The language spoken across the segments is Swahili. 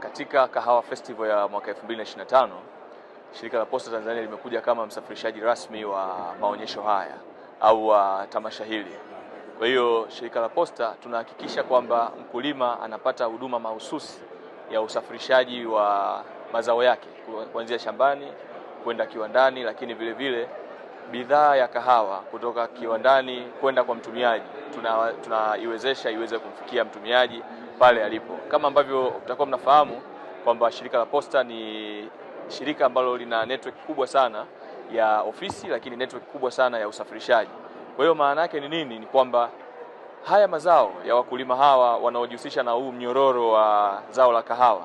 Katika Kahawa Festival ya mwaka 2025 shirika la Posta Tanzania limekuja kama msafirishaji rasmi wa maonyesho haya au wa tamasha hili. Kwa hiyo shirika la Posta tunahakikisha kwamba mkulima anapata huduma mahususi ya usafirishaji wa mazao yake kuanzia shambani kwenda kiwandani, lakini vile vile bidhaa ya kahawa kutoka kiwandani kwenda kwa mtumiaji, tunaiwezesha tuna iweze kumfikia mtumiaji pale alipo. Kama ambavyo mtakuwa mnafahamu kwamba shirika la Posta ni shirika ambalo lina network kubwa sana ya ofisi, lakini network kubwa sana ya usafirishaji. Kwa hiyo maana yake ni nini? Ni kwamba haya mazao ya wakulima hawa wanaojihusisha na huu mnyororo wa zao la kahawa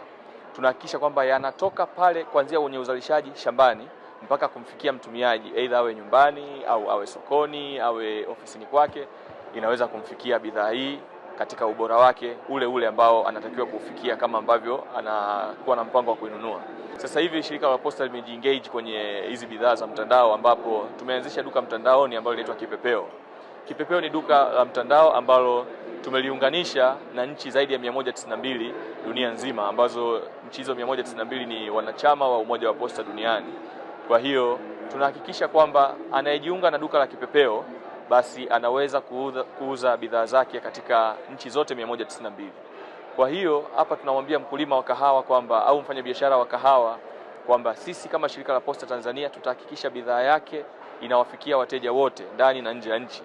tunahakikisha kwamba yanatoka pale kuanzia kwenye uzalishaji shambani mpaka kumfikia mtumiaji, aidha awe nyumbani au awe sokoni, awe ofisini kwake, inaweza kumfikia bidhaa hii katika ubora wake ule ule ambao anatakiwa kufikia kama ambavyo anakuwa na mpango wa kuinunua. Sasa hivi shirika la Posta limejiengage kwenye hizi bidhaa za mtandao, ambapo tumeanzisha duka mtandaoni ambalo linaitwa Kipepeo. Kipepeo ni duka la mtandao ambalo tumeliunganisha na nchi zaidi ya 192 dunia nzima, ambazo nchi hizo 192 ni wanachama wa Umoja wa Posta duniani. Kwa hiyo tunahakikisha kwamba anayejiunga na duka la kipepeo basi anaweza kuuza, kuuza bidhaa zake katika nchi zote 192. Kwa hiyo hapa tunamwambia mkulima wa kahawa kwamba au mfanyabiashara wa kahawa kwamba sisi kama shirika la Posta Tanzania tutahakikisha bidhaa yake inawafikia wateja wote ndani na nje ya nchi.